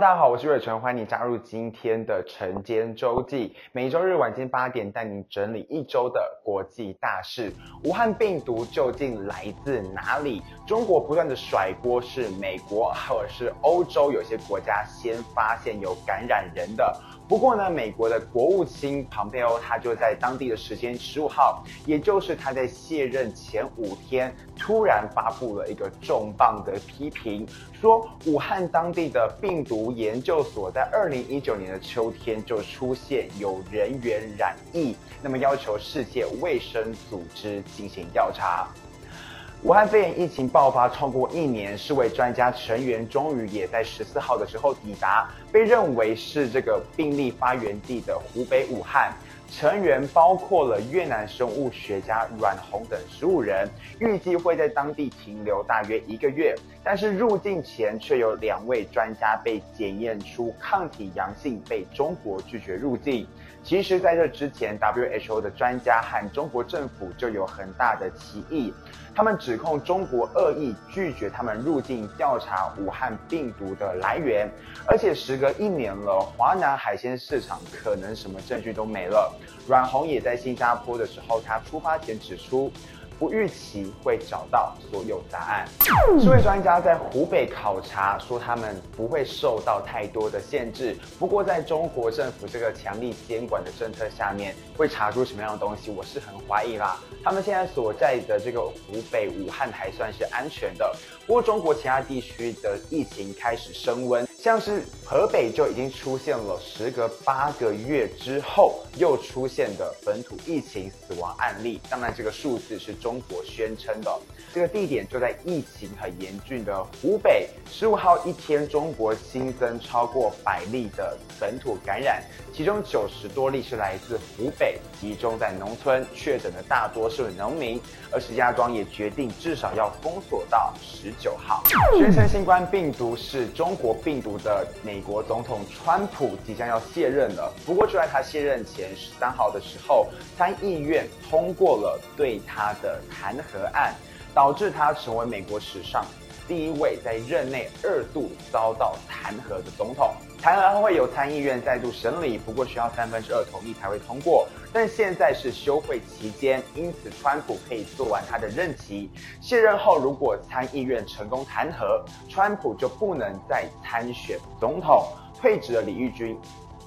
大家好，我是瑞成，歡迎你加入今天的辰間週記。每週日晚間八點，帶你整理一周的國際大事。武漢病毒究竟來自哪裡？中國不斷的甩鍋，是美國或者是歐洲？有些國家先發現有感染人的？不過呢，美國的國務卿蓬佩奧他就在當地的時間十五號，也就是他在卸任前五天，突然發佈了一個重磅的批評，說武漢當地的病毒研究所在二零一九年的秋天就出現有人員染疫，那麼要求世界衛生組織進行調查。武漢肺炎疫情爆發超過一年，世衛專家成員終於也在十四號的時候抵達，被認為是這個病例發源地的湖北武漢。成員包括了越南生物學家阮紅等十五人，預計會在當地停留大約一個月。但是入境前卻有兩位專家被檢驗出抗體陽性，被中國拒絕入境。其實，在這之前，WHO 的專家和中國政府就有很大的歧義，他們指控中國惡意拒絕他們入境調查武漢病毒的來源。而且，時隔一年了，華南海鮮市場可能什麼證據都沒了。阮紅也在新加坡的時候，他出發前指出，不預期會找到所有答案。數位專家在湖北考察，說他們不會受到太多的限制。不過，在中國政府這個強力監管的政策下面，會查出什麼樣的東西，我是很懷疑啦。他們現在所在的這個湖北武漢還算是安全的，不過中國其他地區的疫情開始升溫。像是河北就已經出現了時隔八個月之後又出現的本土疫情死亡案例，當然這個數字是中國宣稱的。這個地點就在疫情很嚴峻的湖北，十五號一天中國新增超過百例的本土感染，其中九十多例是來自湖北，集中在農村，確診的大多是農民。而石家莊也決定至少要封鎖到十九號，宣稱新冠病毒是中國病毒。的美國總統川普即將要卸任了，不過就在他卸任前十三號的時候，參議院通過了對他的彈劾案，導致他成為美國史上第一位在任內二度遭到彈劾的總統，彈劾後會由參議院再度審理，不過需要三分之二同意才會通過。但現在是休會期間，因此川普可以做完他的任期。卸任後，如果參議院成功彈劾川普，就不能再參選總統。退職了李玉軍。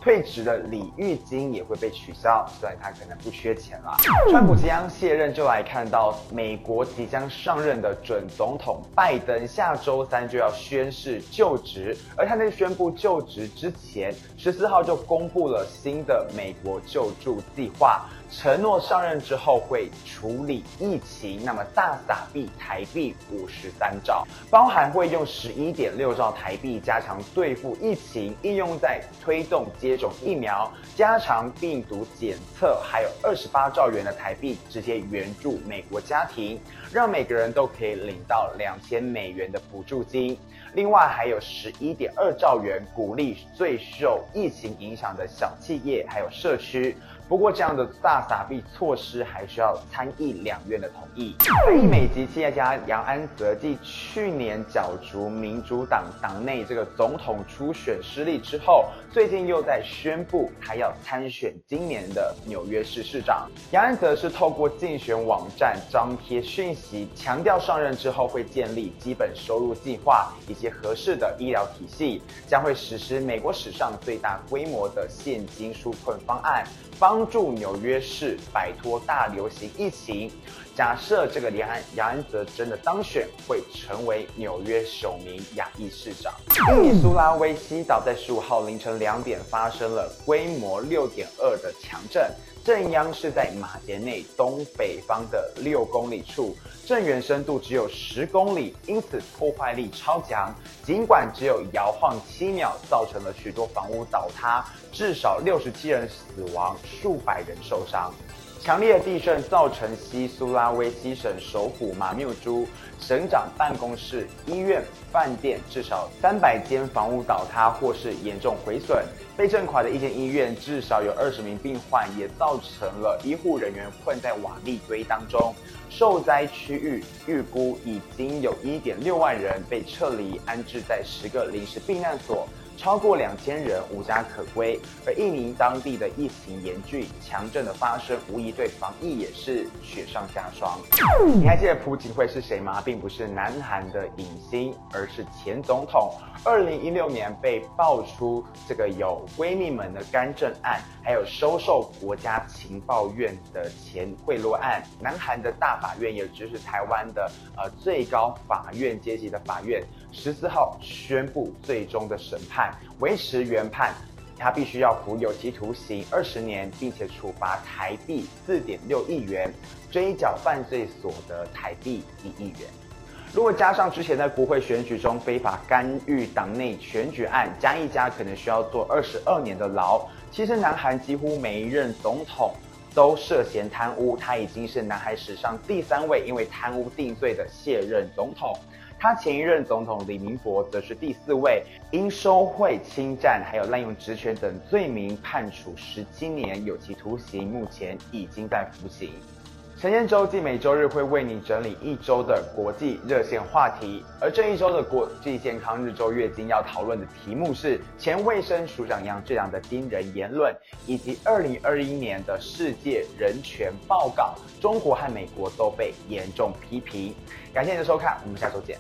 退職的禮遇金也會被取消，雖然他可能不缺錢了。川普即將卸任，就來看到美國即將上任的準總統拜登下周三就要宣誓就職，而他在宣布就職之前，十四號就公布了新的美國救助計劃，承諾上任之後會處理疫情。那麼大撒幣台幣五十三兆，包含會用十一點六兆台幣加強對付疫情，應用在推動接。接種疫苗、加強病毒檢測，還有二十八兆元的台幣直接援助美國家庭，讓每個人都可以領到兩千美元的補助金。另外，還有十一點二兆元鼓勵最受疫情影響的小企業，還有社區。不過，這樣的大撒幣措施還需要參議兩院的同意。非美籍企業家楊安澤繼去年角逐民主黨黨內這個總統初選失利之後，最近又在宣布他要參選今年的紐約市市長。楊安澤是透過競選網站張貼訊息，強調上任之後會建立基本收入計劃，以及合適的醫療體系，將會實施美國史上最大規模的現金紓困方案。幫。幫助紐約市擺脫大流行疫情。假設這個李安楊安澤真的當選，會成為紐約首名亞裔市長。印尼 蘇拉威西島在十五號凌晨兩點發生了規模六點二的強震。震央是在馬杰內東北方的六公里處，震源深度只有十公里，因此破壞力超強。儘管只有搖晃七秒，造成了許多房屋倒塌，至少六十七人死亡，數百人受傷。強烈的地震造成西蘇拉威西省首府馬謬珠省長辦公室、醫院、飯店至少三百間房屋倒塌或是嚴重毀損。被震垮的一間醫院至少有二十名病患，也造成了醫護人員困在瓦礫堆當中。受災區域預估已經有一點六萬人被撤離，安置在十個臨時避難所。超過兩千人無家可歸，而印尼當地的疫情嚴峻，強震的發生無疑對防疫也是雪上加霜。你還記得朴槿惠是誰嗎？並不是南韓的影星，而是前總統。二零一六年被爆出這個有閨蜜們的干政案，還有收受國家情報院的錢賄賂案。南韓的大法院，也就是台灣的呃最高法院階級的法院，十四號宣布最終的審判，維持原判，他必須要服有期徒刑二十年，並且處罰台幣四點六億元，追繳犯罪所得台幣一億元。如果加上之前在國會選舉中非法干預黨內選舉案，加一加可能需要坐二十二年的牢。其實，南韓幾乎每一任總統都涉嫌貪汙，他已經是南韓史上第三位因為貪汙定罪的卸任總統。他前一任總統李明博則是第四位因受賄、侵佔，還有濫用職權等罪名判處十七年有期徒刑，目前已經在服刑。辰間週記每週日會為你整理一周的國際熱線話題，而這一周的國際健康日周月經要討論的題目是前衛生署長楊志良的驚人言論，以及二零二一年的世界人權報告，中國和美國都被嚴重批評。感謝你的收看，我們下週見。